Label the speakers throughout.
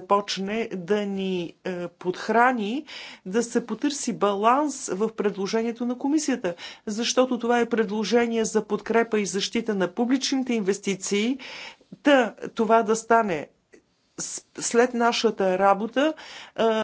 Speaker 1: започне да ни е, подхрани, да се потърси баланс в предложението на комисията, защото това е предложение за подкрепа и защита на публичните инвестиции, да това да стане след нашата работа. Е,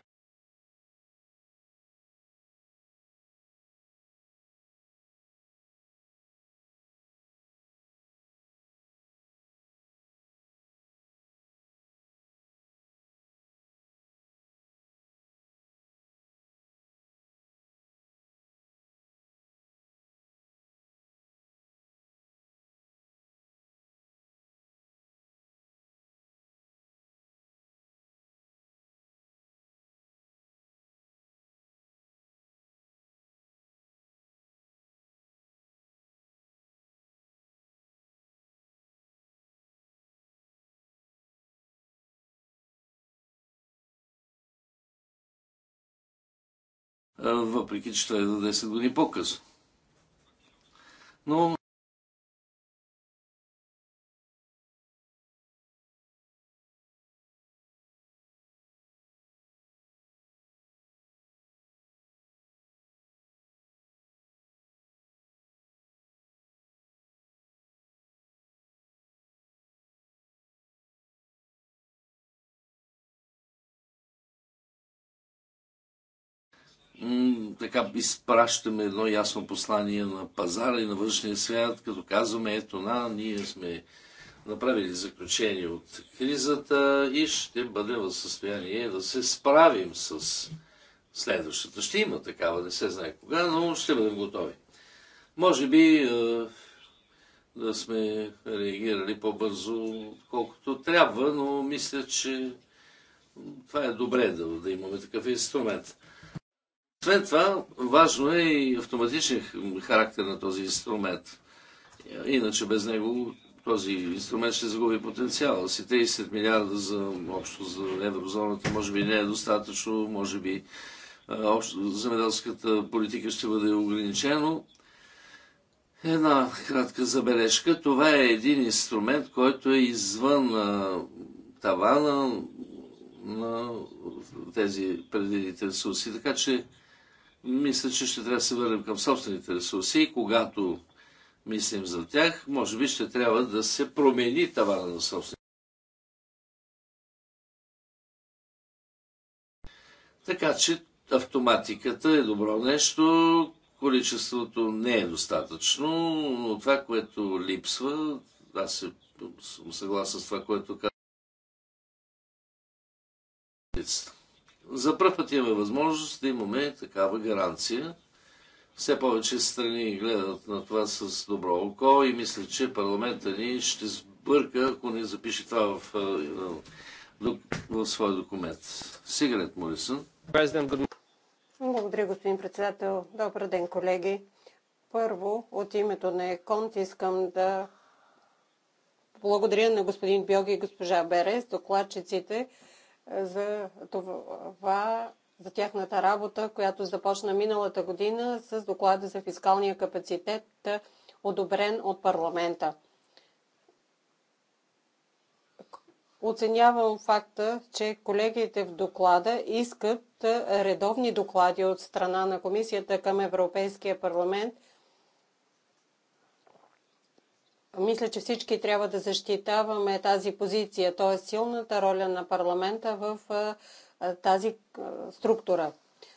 Speaker 2: въпреки че той е на 10 години по-късно. Но
Speaker 3: така изпращаме едно ясно послание на пазара и на външния свят, като казваме, ето на, ние сме направили заключение от кризата и ще бъдем в състояние да се справим с следващата. Ще има такава, не се знае кога, но ще бъдем готови. Може би е, да сме реагирали по-бързо, колкото трябва, но мисля, че това е добре да, да имаме такъв инструмент. След това, важно е и автоматичен характер на този инструмент. Иначе без него този инструмент ще загуби потенциал. си. 30 милиарда за общо за еврозоната може би не е достатъчно, може би общо, земеделската политика ще бъде ограничено. Една кратка забележка. Това е един инструмент, който е извън а, тавана на тези предвидите ресурси. Така че мисля, че ще трябва да се върнем към собствените ресурси и когато мислим за тях, може би ще трябва да се промени тавана на собствените. Така че автоматиката е добро нещо, количеството не е достатъчно, но това, което липсва, аз се, съм съгласен с това, което казва за първ път имаме възможност да имаме такава гаранция. Все повече страни гледат на това с добро око и мисля, че парламента ни ще сбърка, ако не запише това в, в, в своя документ. Сигарет Морисън.
Speaker 4: Благодаря, господин председател. Добър ден, колеги. Първо, от името на ЕКОНТ искам да благодаря на господин Бьоги и госпожа Берес, докладчиците, за това, за тяхната работа, която започна миналата година с доклада за фискалния капацитет, одобрен от парламента. Оценявам факта, че колегите в доклада искат редовни доклади от страна на Комисията към Европейския парламент – мисля, че всички трябва да защитаваме тази позиция, т.е. силната роля на парламента в тази структура.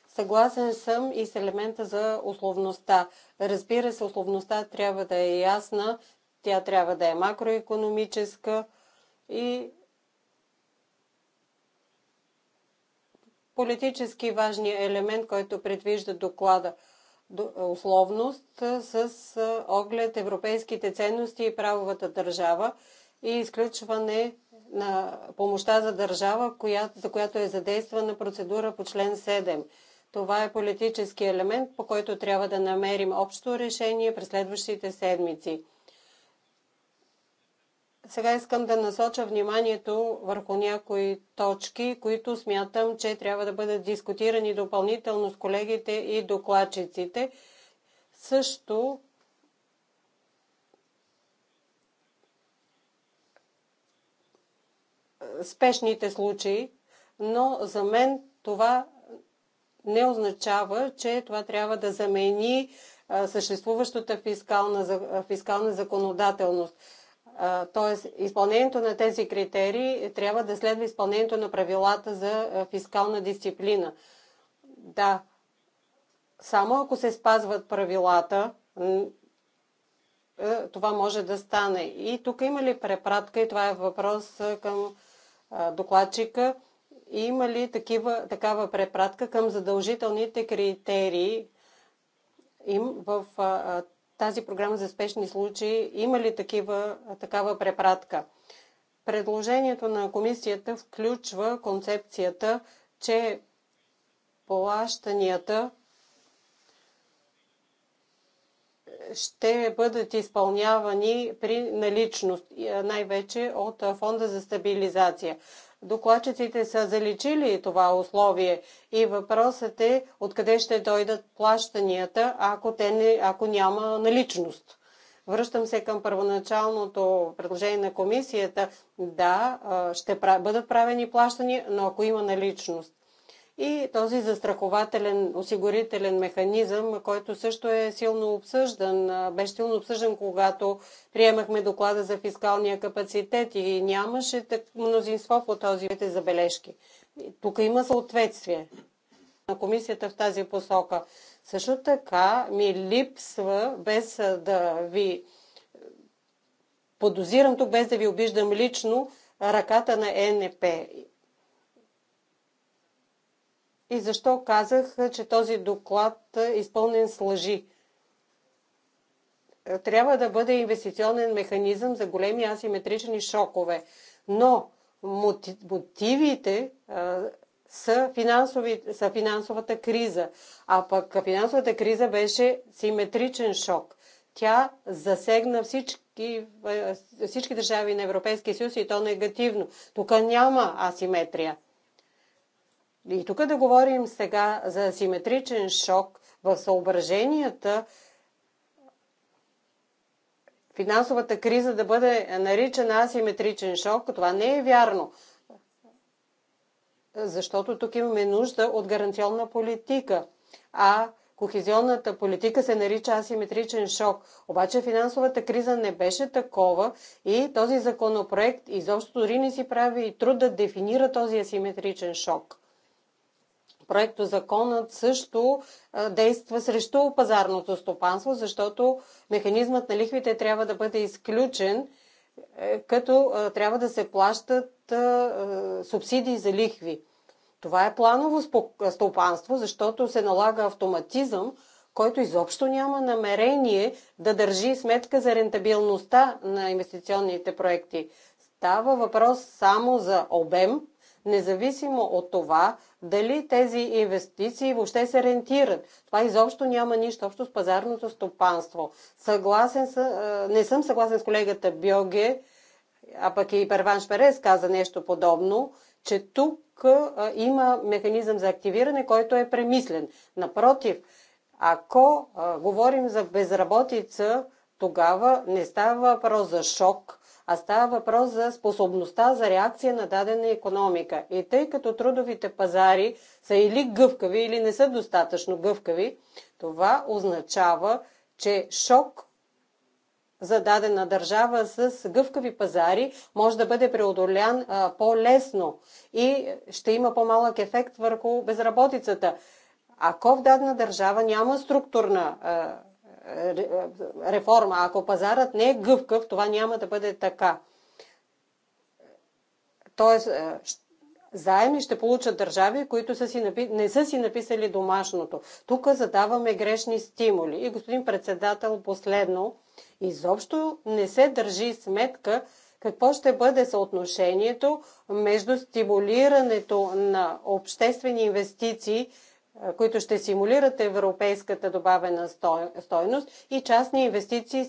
Speaker 4: Съгласен съм и с елемента за условността. Разбира се, условността трябва да е ясна, тя трябва да е макроекономическа и политически важният елемент, който предвижда доклада – е, условност е, с е, оглед европейските ценности и правовата държава и изключване на помощта за държава, която, за която е задействана процедура по член 7. Това е политически елемент, по който трябва да намерим общо решение през следващите седмици. Сега искам да насоча вниманието върху някои точки, които смятам, че трябва да бъдат дискутирани допълнително с колегите и докладчиците. Също спешните случаи, но за мен това не означава, че това трябва да замени съществуващата фискална, фискална законодателност. Тоест, изпълнението на тези критерии трябва да следва изпълнението на правилата за фискална дисциплина. Да, само ако се спазват правилата, това може да стане. И тук има ли препратка, и това е въпрос към докладчика, има ли такива, такава препратка към задължителните критерии им в тази програма за спешни случаи има ли такива, такава препратка. Предложението на комисията включва концепцията, че плащанията ще бъдат изпълнявани при наличност, най-вече от Фонда за стабилизация докладчиците са заличили това условие и въпросът е откъде ще дойдат плащанията, ако, те не, ако няма наличност. Връщам се към първоначалното предложение на комисията. Да, ще бъдат правени плащания, но ако има наличност и този застрахователен осигурителен механизъм, който също е силно обсъждан, беше силно обсъждан, когато приемахме доклада за фискалния капацитет и нямаше так мнозинство по този вид забележки. Тук има съответствие на комисията в тази посока. Също така ми липсва, без да ви подозирам тук, без да ви обиждам лично, ръката на НП и защо казах, че този доклад е изпълнен с лъжи. Трябва да бъде инвестиционен механизъм за големи асиметрични шокове. Но мотивите са, финансови, са финансовата криза, а пък финансовата криза беше симетричен шок. Тя засегна всички, всички държави на Европейския съюз и то негативно. Тук няма асиметрия. И тук да говорим сега за симетричен шок в съображенията финансовата криза да бъде наричана асиметричен шок, това не е вярно. Защото тук имаме нужда от гаранционна политика. А Кохезионната политика се нарича асиметричен шок. Обаче финансовата криза не беше такова и този законопроект изобщо дори не си прави и труд да дефинира този асиметричен шок проекто законът също действа срещу пазарното стопанство, защото механизмът на лихвите трябва да бъде изключен, е, като трябва да се плащат субсидии за лихви. Това е планово стопанство, защото се налага автоматизъм, който изобщо няма намерение да държи сметка за рентабилността на инвестиционните проекти. Става въпрос само за обем, независимо от това дали тези инвестиции въобще се рентират. Това изобщо няма нищо общо с пазарното стопанство. Съгласен с, не съм съгласен с колегата Бьоге, а пък и Перван Перес каза нещо подобно, че тук има механизъм за активиране, който е премислен. Напротив, ако говорим за безработица, тогава не става въпрос за шок, а става въпрос за способността за реакция на дадена економика. И тъй като трудовите пазари са или гъвкави, или не са достатъчно гъвкави, това означава, че шок за дадена държава с гъвкави пазари може да бъде преодолян по-лесно и ще има по-малък ефект върху безработицата. Ако в дадена държава няма структурна а, реформа. Ако пазарът не е гъвкав, това няма да бъде така. Тоест, е, заеми ще получат държави, които са си напи... не са си написали домашното. Тук задаваме грешни стимули. И господин председател, последно, изобщо не се държи сметка какво ще бъде съотношението между стимулирането на обществени инвестиции които ще симулират европейската добавена стойност и частни инвестиции,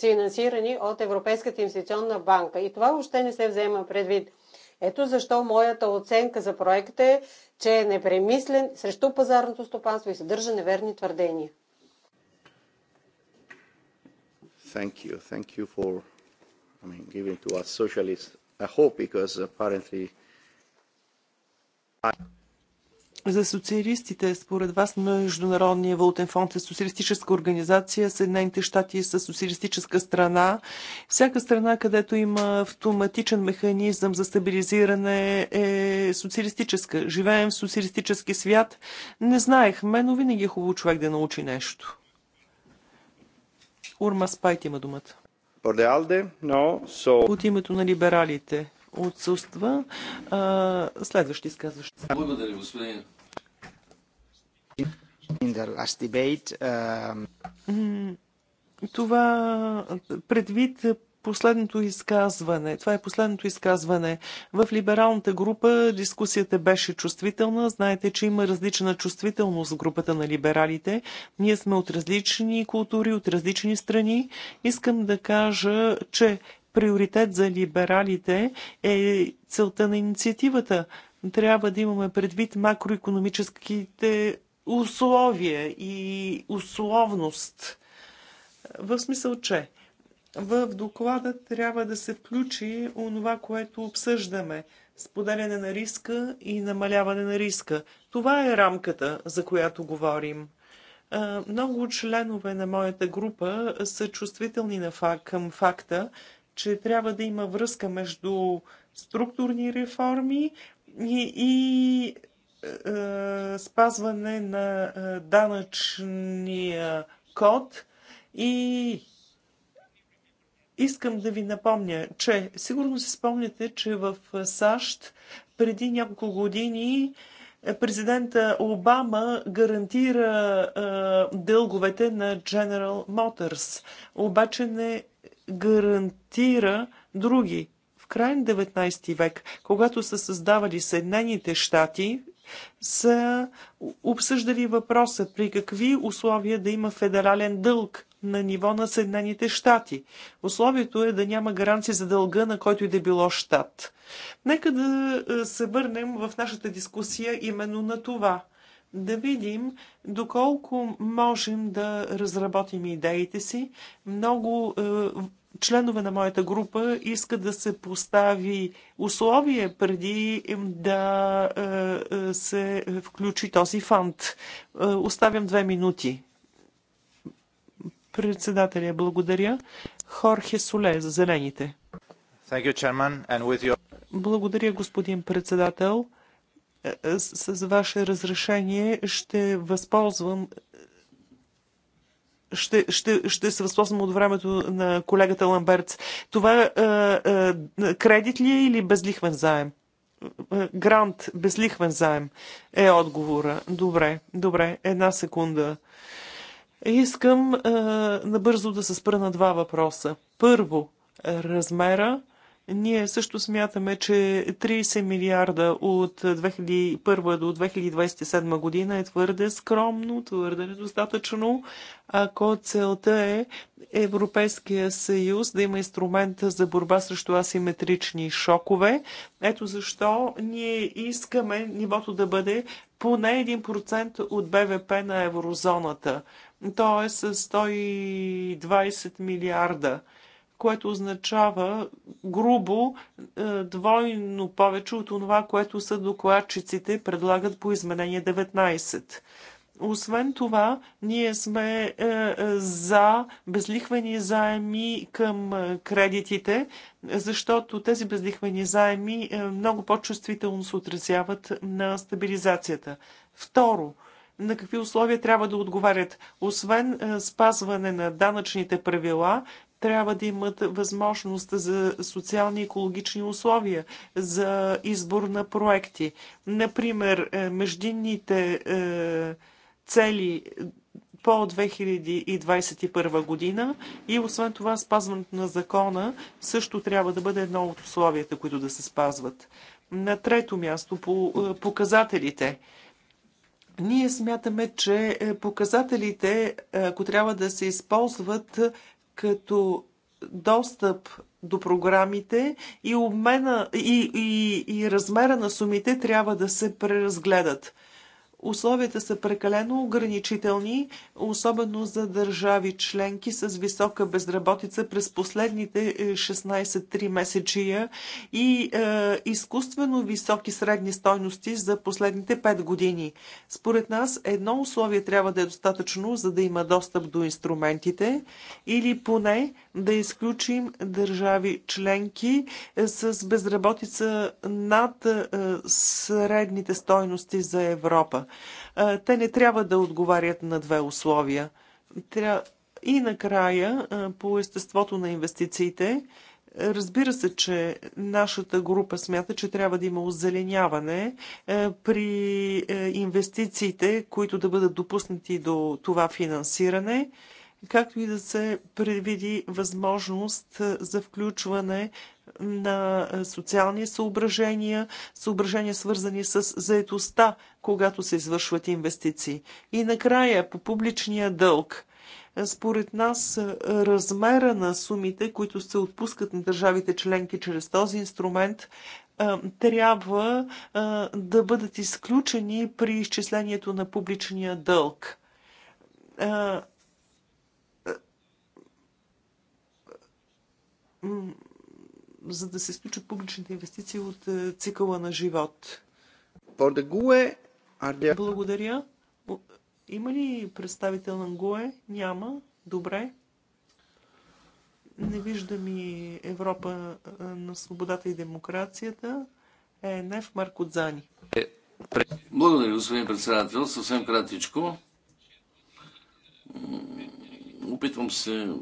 Speaker 4: финансирани от Европейската инвестиционна банка. И това още не се взема предвид. Ето защо моята оценка за проекта е, че е непремислен срещу пазарното стопанство и съдържа неверни твърдения.
Speaker 2: Thank you. Thank you for I mean, giving to us socialists a hope because apparently I...
Speaker 1: За социалистите, според вас, Международния валутен фонд е социалистическа организация, Съединените щати са социалистическа страна. Всяка страна, където има автоматичен механизъм за стабилизиране е социалистическа. Живеем в социалистически свят. Не знаехме, но винаги е хубаво човек да научи нещо. Урма Спайт има
Speaker 2: думата.
Speaker 1: От името на либералите отсъства. А, следващи изказващи.
Speaker 3: Благодаря, господин
Speaker 1: In the last debate, um, Това предвид последното изказване. Това е последното изказване. В либералната група дискусията беше чувствителна. Знаете, че има различна чувствителност в групата на либералите. Ние сме от различни култури, от различни страни. Искам да кажа, че приоритет за либералите е целта на инициативата. Трябва да имаме предвид макроекономическите условие и условност. В смисъл, че в доклада трябва да се включи онова, което обсъждаме споделяне на риска и намаляване на риска. Това е рамката, за която говорим. Много членове на моята група са чувствителни на факт, към факта, че трябва да има връзка между структурни реформи и, и е, спазване на е, данъчния код и искам да ви напомня, че сигурно се спомняте, че в САЩ преди няколко години е, президента Обама гарантира дълговете на General Motors, обаче не гарантира други. В край на 19 век, когато са създавали Съединените щати, са обсъждали въпроса при какви условия да има федерален дълг на ниво на Съединените щати. Условието е да няма гаранция за дълга на който и да било щат. Нека да е, се върнем в нашата дискусия именно на това – да видим доколко можем да разработим идеите си. Много е, членове на моята група искат да се постави условие преди да е, е, се включи този фонд. Е, оставям две минути. Председателя, благодаря. Хорхе Соле за зелените. Благодаря, господин председател. Е, е, с, с ваше разрешение ще възползвам ще, ще, ще се възползвам от времето на колегата Ламберц. Това е, е, е кредит ли е или безлихвен заем? Грант, безлихвен заем е отговора. Добре, добре, една секунда. Искам е, набързо да се спра на два въпроса. Първо, размера ние също смятаме, че 30 милиарда от 2001 до 2027 година е твърде скромно, твърде недостатъчно, ако целта е Европейския съюз да има инструмент за борба срещу асиметрични шокове. Ето защо ние искаме нивото да бъде поне 1% от БВП на еврозоната, т.е. 120 милиарда което означава грубо е, двойно повече от това, което са докладчиците предлагат по изменение 19. Освен това, ние сме е, е, за безлихвени заеми към кредитите, защото тези безлихвени заеми много по-чувствително се отразяват на стабилизацията. Второ, на какви условия трябва да отговарят. Освен спазване на данъчните правила, трябва да имат възможност за социални и екологични условия, за избор на проекти. Например, е, междинните е, цели по 2021 година и освен това спазването на закона също трябва да бъде едно от условията, които да се спазват. На трето място по е, показателите. Ние смятаме, че показателите, ако трябва да се използват, като достъп до програмите и обмена и, и, и размера на сумите трябва да се преразгледат. Условията са прекалено ограничителни, особено за държави членки с висока безработица през последните 16-3 е, месечия и е, изкуствено високи средни стойности за последните 5 години. Според нас едно условие трябва да е достатъчно, за да има достъп до инструментите или поне да изключим държави членки с безработица над е, средните стойности за Европа. Е, те не трябва да отговарят на две условия. И накрая, е, по естеството на инвестициите, Разбира се, че нашата група смята, че трябва да има озеленяване при инвестициите, които да бъдат допуснати до това финансиране както и да се предвиди възможност за включване на социални съображения, съображения свързани с заетостта, когато се извършват инвестиции. И накрая по публичния дълг. Според нас размера на сумите, които се отпускат на държавите членки чрез този инструмент, трябва да бъдат изключени при изчислението на публичния дълг за да се изключат публичните инвестиции от е, цикъла на живот. Благодаря. Има ли представител на ГУЕ? Няма. Добре. Не виждам и Европа е, на свободата и демокрацията. Е, в Маркодзани.
Speaker 3: Е, Благодаря, господин председател. Съвсем кратичко. Опитвам се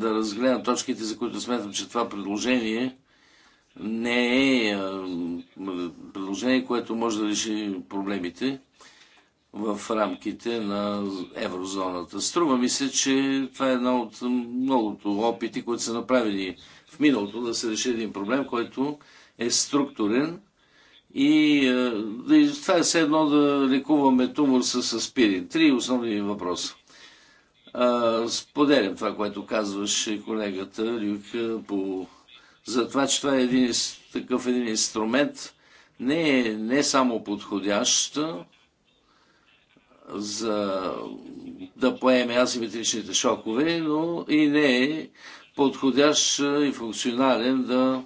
Speaker 3: да разгледам точките, за които смятам, че това предложение не е предложение, което може да реши проблемите в рамките на еврозоната. Струва ми се, че това е една от многото опити, които са направени в миналото да се реши един проблем, който е структурен и, е, и това е все едно да лекуваме тумор с аспирин. Три основни въпроса. А, споделям това, което казваше колегата Рюк по... за това, че това е един, такъв един инструмент, не е не е само подходящ за да поеме асиметричните шокове, но и не е подходящ и функционален да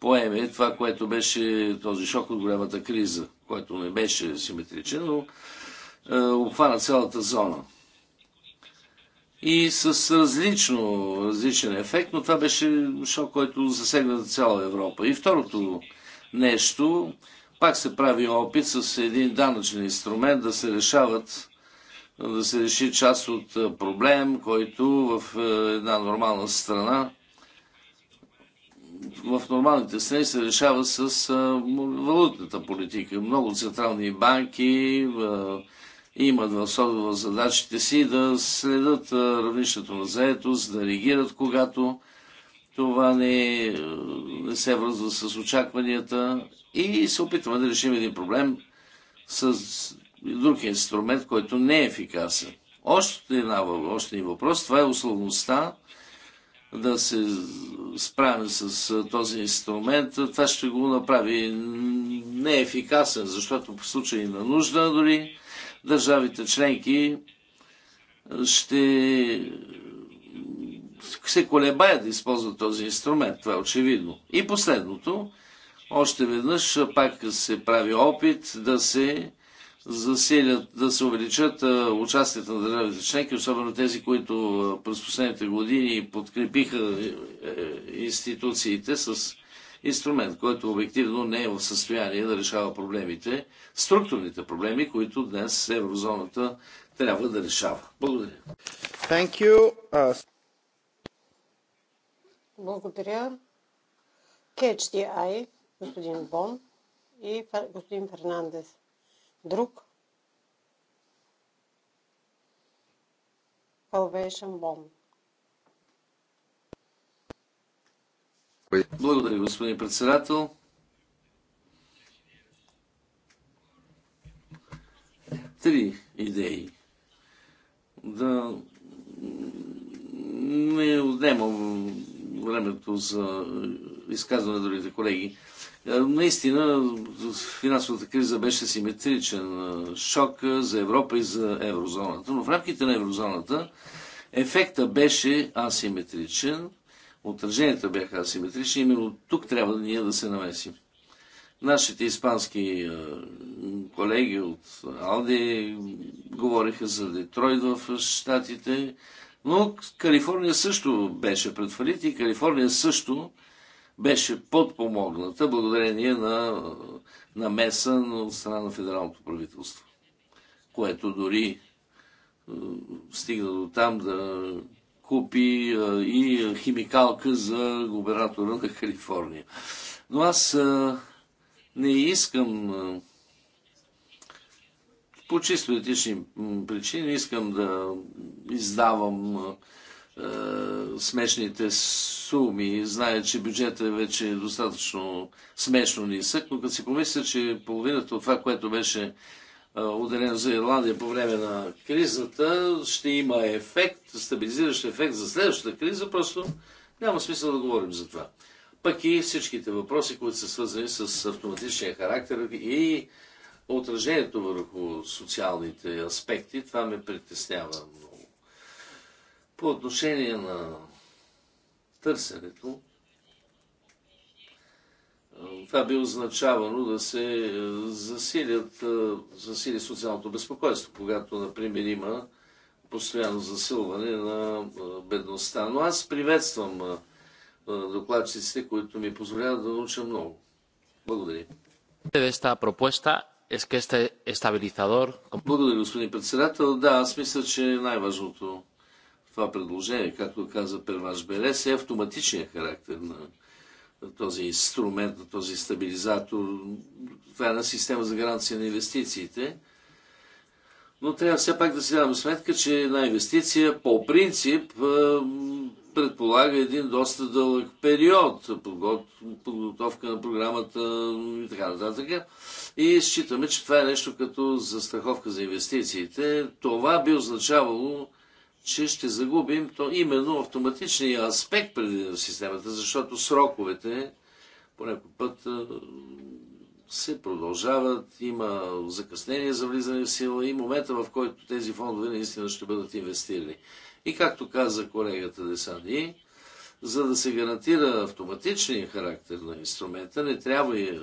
Speaker 3: поеме това, което беше този шок от голямата криза, който не беше симетричен, но е, обхвана цялата зона и с различно, различен ефект, но това беше шок, който засегна цяла Европа. И второто нещо, пак се прави опит с един данъчен инструмент да се решават да се реши част от проблем, който в една нормална страна в нормалните страни се решава с валутната политика. Много централни банки, имат в особено задачите си да следят равнището на заетост, да реагират когато това не, не се връзва с очакванията и се опитваме да решим един проблем с друг инструмент, който не е ефикасен. Още, една, още един въпрос, това е условността да се справим с този инструмент. Това ще го направи неефикасен, защото по случай на нужда дори държавите членки ще се колебаят да използват този инструмент. Това е очевидно. И последното, още веднъж пак се прави опит да се засилят, да се увеличат участията на държавите членки, особено тези, които през последните години подкрепиха е, е, институциите с инструмент, който обективно не е в състояние да решава проблемите, структурните проблеми, които днес еврозоната трябва да решава. Благодаря.
Speaker 2: Thank you. Uh...
Speaker 4: Благодаря. KHDI, господин Бон и господин Фернандес. Друг? Salvation Bond.
Speaker 3: Благодаря, господин председател. Три идеи. Да не отнемам времето за изказване на другите колеги. Е, наистина, финансовата криза беше симетричен е, шок за Европа и за еврозоната. Но в рамките на еврозоната ефекта беше асиметричен – отраженията бяха асиметрични, именно тук трябва да ние да се намесим. Нашите испански колеги от Алди говориха за Детройт в Штатите, но Калифорния също беше пред фалит и Калифорния също беше подпомогната благодарение на намеса от страна на федералното правителство, което дори стигна до там да купи и химикалка за губернатора на Калифорния. Но аз не искам по чисто етични причини искам да издавам е, смешните суми. Зная, че бюджета е вече достатъчно смешно нисък, но като си помисля, че половината от това, което беше отделен за Ирландия по време на кризата, ще има ефект, стабилизиращ ефект за следващата криза, просто няма смисъл да говорим за това. Пък и всичките въпроси, които са свързани с автоматичния характер и отражението върху социалните аспекти, това ме притеснява много. По отношение на търсенето, това би означавано да се е, засилят, е, засили социалното безпокойство, когато, например, има постоянно засилване на е, бедността. Но аз приветствам докладчиците, които ми позволяват да науча много. Благодаря. Благодаря, господин председател. Да, аз мисля, че най-важното това предложение, както каза Перваш Белес, е автоматичният характер на този инструмент, на този стабилизатор. Това е една система за гаранция на инвестициите. Но трябва все пак да си даваме сметка, че една инвестиция по принцип предполага един доста дълъг период, подготовка на програмата и така нататък. И считаме, че това е нещо като застраховка за инвестициите. Това би означавало че ще загубим то именно автоматичния аспект преди на системата, защото сроковете по някой път се продължават, има закъснение за влизане в сила и момента, в който тези фондове наистина ще бъдат инвестирани. И както каза колегата Десанди, за да се гарантира автоматичния характер на инструмента, не трябва и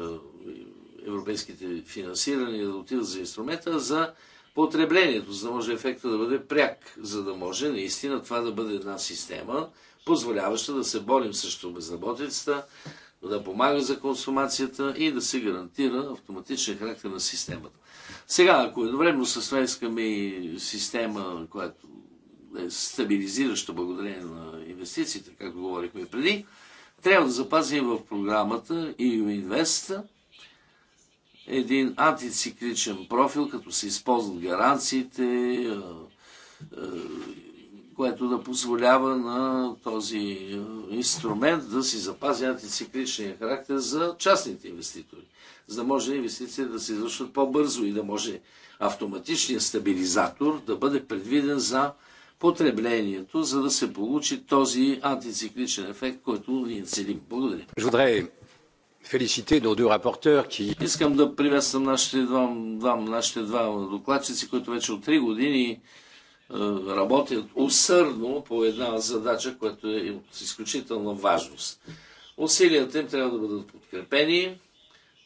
Speaker 3: европейските финансирания да отидат за инструмента, а за потреблението, за да може ефекта да бъде пряк, за да може наистина това да бъде една система, позволяваща да се борим срещу безработицата, да помага за консумацията и да се гарантира автоматичен характер на системата. Сега, ако едновременно с това искаме и система, която е стабилизираща благодарение на инвестициите, както говорихме преди, трябва да запазим в програмата EU Invest един антицикличен профил, като се използват гаранциите, е, е, което да позволява на този е, инструмент да си запази антицикличния характер за частните инвеститори, за да може инвестициите да се извършват по-бързо и да може автоматичният стабилизатор да бъде предвиден за потреблението, за да се получи този антицикличен ефект, който ние целим. Благодаря féliciter nos deux rapporteurs qui... Искам да приветствам нашите два, два, нашите два докладчици, които вече от 3 години е, работят усърдно по една задача, която е от изключителна важност. Усилията им трябва да бъдат подкрепени,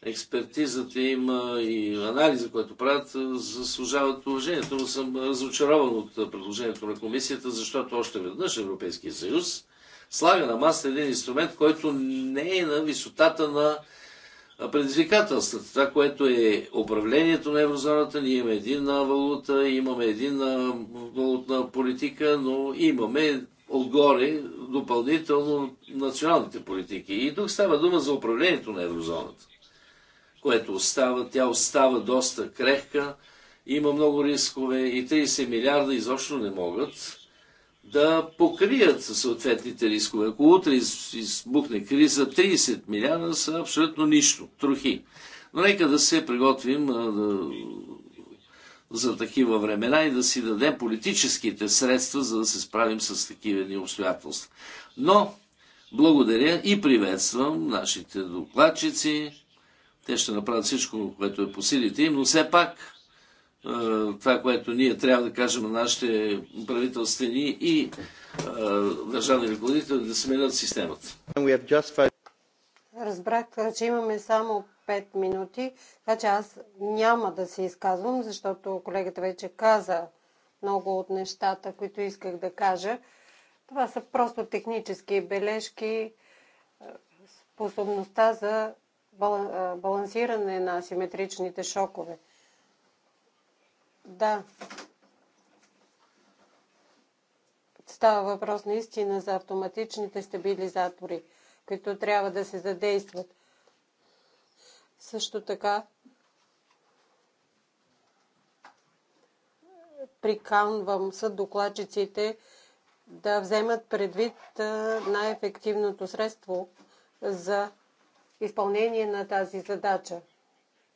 Speaker 3: експертизата им и анализа, който правят, е, заслужават уважението, но съм разочарован от предложението на комисията, защото още веднъж Европейския съюз слага на маса един инструмент, който не е на висотата на предизвикателствата. Това, което е управлението на еврозоната, ние имаме един валута, имаме един валутна политика, но имаме отгоре допълнително националните политики. И тук става дума за управлението на еврозоната, което остава, тя остава доста крехка, има много рискове и 30 милиарда изобщо не могат да покрият със съответните рискове. Ако утре избухне криза, 30 милиарда са абсолютно нищо, трохи. Но нека да се приготвим а, да, за такива времена и да си дадем политическите средства, за да се справим с такива ни обстоятелства. Но благодаря и приветствам нашите докладчици. Те ще направят всичко, което е по силите им, но все пак това, което ние трябва да кажем на нашите правителствени и държавни ръководители да сменят системата.
Speaker 4: Разбрах, че имаме само 5 минути, така че аз няма да се изказвам, защото колегата вече каза много от нещата, които исках да кажа. Това са просто технически бележки, способността за балансиране на асиметричните шокове. Да. Става въпрос наистина за автоматичните стабилизатори, които трябва да се задействат. Също така приканвам докладчиците да вземат предвид най-ефективното средство за изпълнение на тази задача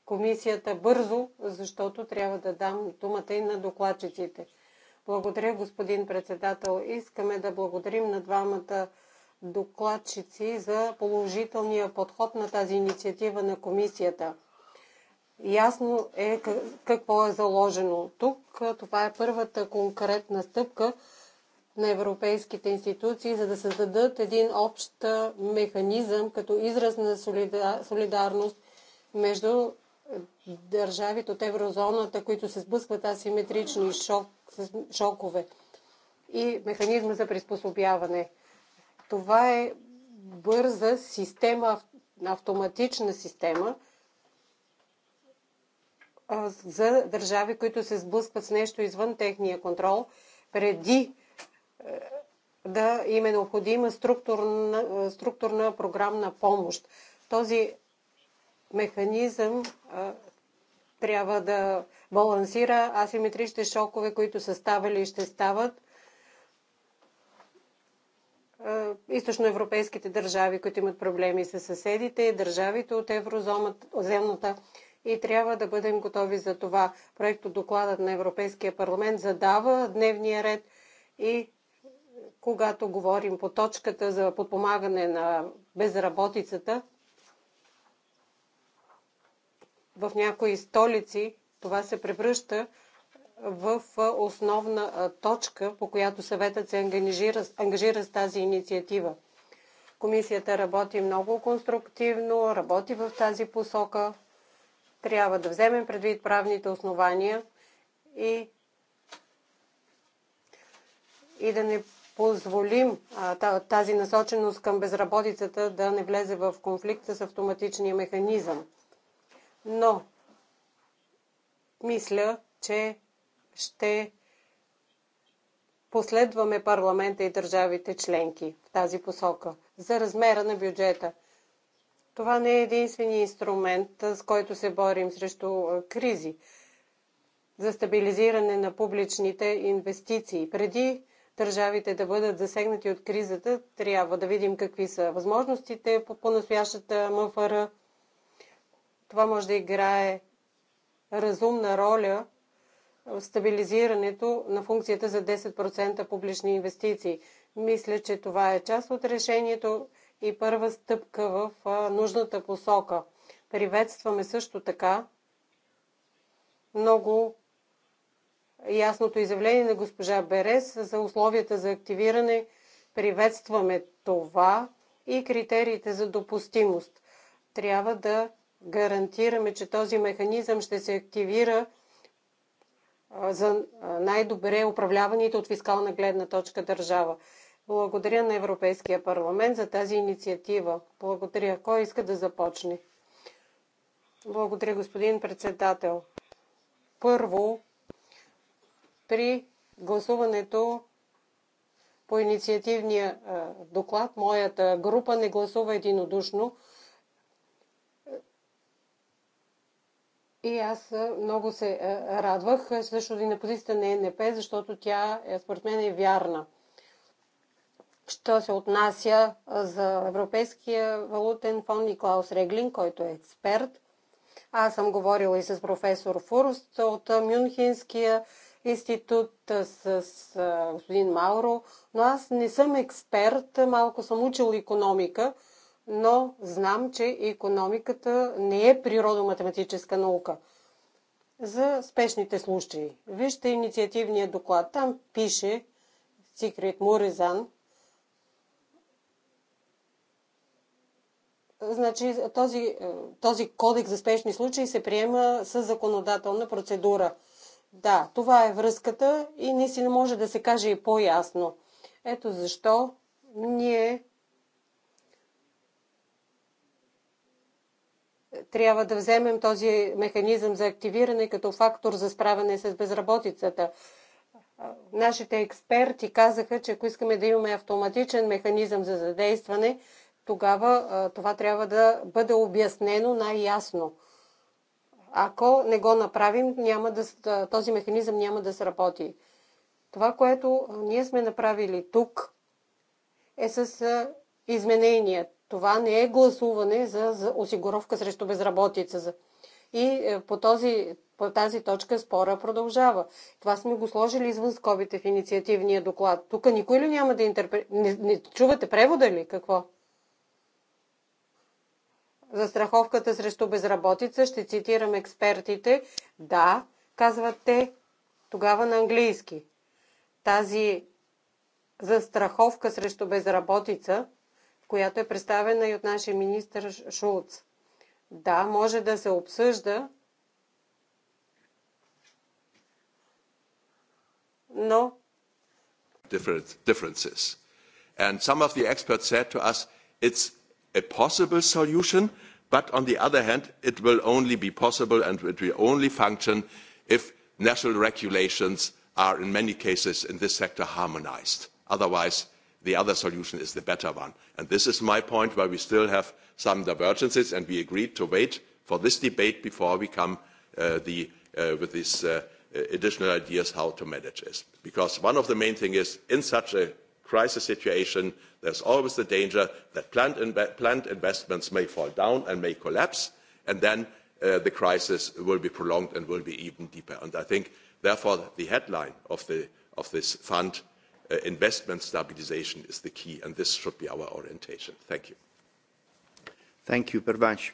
Speaker 4: комисията бързо, защото трябва да дам думата и на докладчиците. Благодаря, господин председател. Искаме да благодарим на двамата докладчици за положителния подход на тази инициатива на комисията. Ясно е какво е заложено тук. Това е първата конкретна стъпка на европейските институции, за да създадат един общ механизъм като израз на солидарност между държавите от еврозоната, които се сблъскват асиметрични шок, шокове и механизма за приспособяване. Това е бърза система, автоматична система за държави, които се сблъскват с нещо извън техния контрол, преди е, да им е необходима структурна, е, структурна програмна помощ. Този механизъм а, трябва да балансира асиметричните шокове, които са ставали и ще стават. Източноевропейските държави, които имат проблеми с съседите, държавите от еврозоната и трябва да бъдем готови за това. Проекто докладът на Европейския парламент задава дневния ред и когато говорим по точката за подпомагане на безработицата – в някои столици това се превръща в основна точка, по която съветът се ангажира, ангажира с тази инициатива. Комисията работи много конструктивно, работи в тази посока. Трябва да вземем предвид правните основания и, и да не позволим а, тази насоченост към безработицата да не влезе в конфликта с автоматичния механизъм но мисля, че ще последваме парламента и държавите членки в тази посока за размера на бюджета. Това не е единствения инструмент, с който се борим срещу кризи за стабилизиране на публичните инвестиции. Преди държавите да бъдат засегнати от кризата, трябва да видим какви са възможностите по, по настоящата МФР това може да играе разумна роля в стабилизирането на функцията за 10% публични инвестиции. Мисля, че това е част от решението и първа стъпка в нужната посока. Приветстваме също така много ясното изявление на госпожа Берес за условията за активиране. Приветстваме това и критериите за допустимост. Трябва да гарантираме, че този механизъм ще се активира за най-добре управляваните от фискална гледна точка държава. Благодаря на Европейския парламент за тази инициатива. Благодаря. Кой иска да започне? Благодаря, господин председател. Първо, при гласуването по инициативния доклад, моята група не гласува единодушно, И аз много се радвах също и на позицията на ЕНП, защото тя е, според мен е вярна. Що се отнася за Европейския валутен фонд и Клаус Реглин, който е експерт. Аз съм говорила и с професор Фурст от Мюнхенския институт, с, с господин Мауро, но аз не съм експерт, малко съм учил економика, но знам, че економиката не е природо-математическа наука. За спешните случаи. Вижте инициативния доклад. Там пише Сикрет Муризан. Значи, този, е, този кодекс за спешни случаи се приема с законодателна процедура. Да, това е връзката и не може да се каже и по-ясно. Ето защо ние трябва да вземем този механизъм за активиране като фактор за справяне с безработицата. Нашите експерти казаха, че ако искаме да имаме автоматичен механизъм за задействане, тогава това трябва да бъде обяснено най-ясно. Ако не го направим, няма да, този механизъм няма да сработи. Това, което ние сме направили тук, е с изменения. Това не е гласуване за, за осигуровка срещу безработица. И е, по, този, по тази точка спора продължава. Това сме го сложили извън скобите в инициативния доклад. Тук никой ли няма да интерпретира? Не, не чувате превода ли? Какво? За страховката срещу безработица ще цитирам експертите. Да, казват те тогава на английски. Тази застраховка срещу безработица – която е представена и от нашия министр Шулц. Да, може да се обсъжда, но.
Speaker 1: Differences. And some of the experts said to us, it's a possible solution, but on the other hand, it will only be possible and it will only function if national regulations are in many cases in this sector harmonized. Otherwise, the other solution is the better one. And this is my point where we still have some divergences, and we agreed to wait for this debate before we come with these additional ideas how to manage this. Because one of the main things is in such a crisis situation, there's always the danger that planned investments may fall down and may collapse, and then the crisis will be prolonged and will be even deeper. I think, therefore, the headline of this fund investment stabilisation is the key, and this should be our orientation. Thank you. Thank you, Pervanche.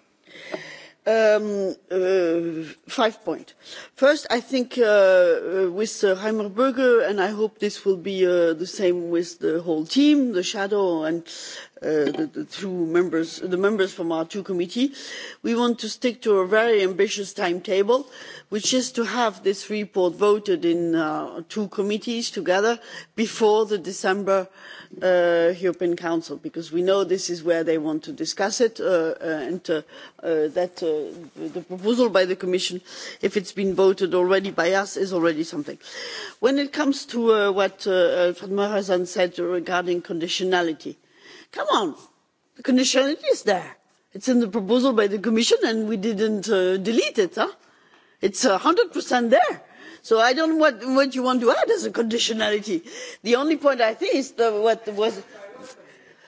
Speaker 5: Um, five points. First, I think with uh, Reimer Berger, and I hope this will be the same with the whole team, the shadow and the, two members, the members from our two committees, we want to stick to a very ambitious timetable, which is to have this report voted in two committees together before the December European Council, because we know this is where they want to discuss it, and that the proposal by the Commission, if it's been voted already by us, is already something. When it comes to what Fatma said regarding conditionality, Come on, the conditionality is there. It's in the proposal by the Commission, and we didn't uh, delete it. Huh? It's hundred percent there. So I don't know what, what you want to add as a conditionality. The only point I think is the, what was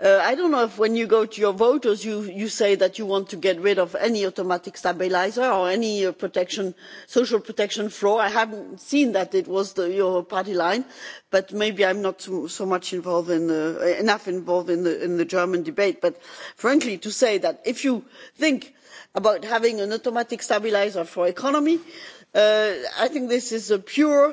Speaker 5: i do not know if when you go to your voters you say that you want to get rid of any automatic stabiliser or any social protection floor. i have not seen that it was your party line but maybe i am not enough involved in the german debate but frankly to say that if you think about having an automatic stabiliser for the economy i think this is a pure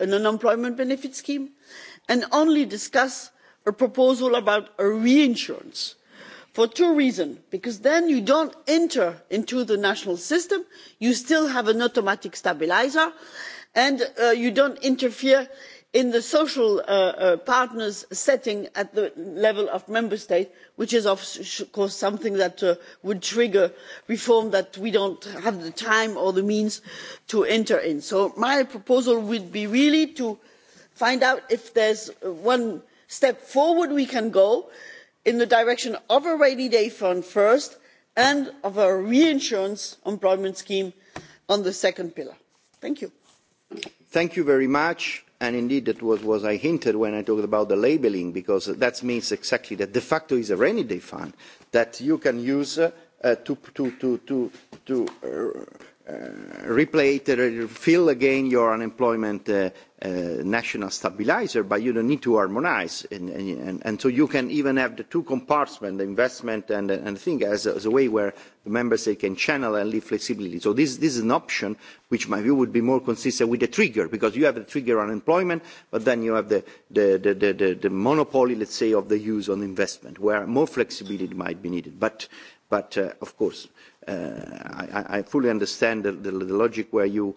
Speaker 5: an unemployment benefit scheme and only discuss a proposal about reinsurance for two reasons because then you don't enter into the national system you still have an automatic stabiliser and you don't interfere in the social partners' setting at the level of member states which is of course something that would trigger reform that we do not have the time or the means to enter into. so my proposal would be really to find out if there is one step forward we can go in the direction of a rainy day fund first and of a reinsurance employment scheme on the second pillar. thank you
Speaker 2: and indeed that was what I hinted when I talked about the labelling, because that means exactly that de facto is a rainy day fund that you can use uh, to, to, to, to, to uh, uh, replay, uh, fill again your unemployment uh, national stabilizer, but you don't need to harmonize. And, and, and so you can even have the two compartments, the investment and, and thing, as, as a way where the member state can channel and leave flexibility. So this, this is an option which my view would be more consistent with the trigger, because you have the trigger on employment, but then you have the, the, the, the, the, the monopoly, let's say, of the use on investment, where more flexibility might be needed. But, but uh, of course, I, I fully understand the, the, the logic where you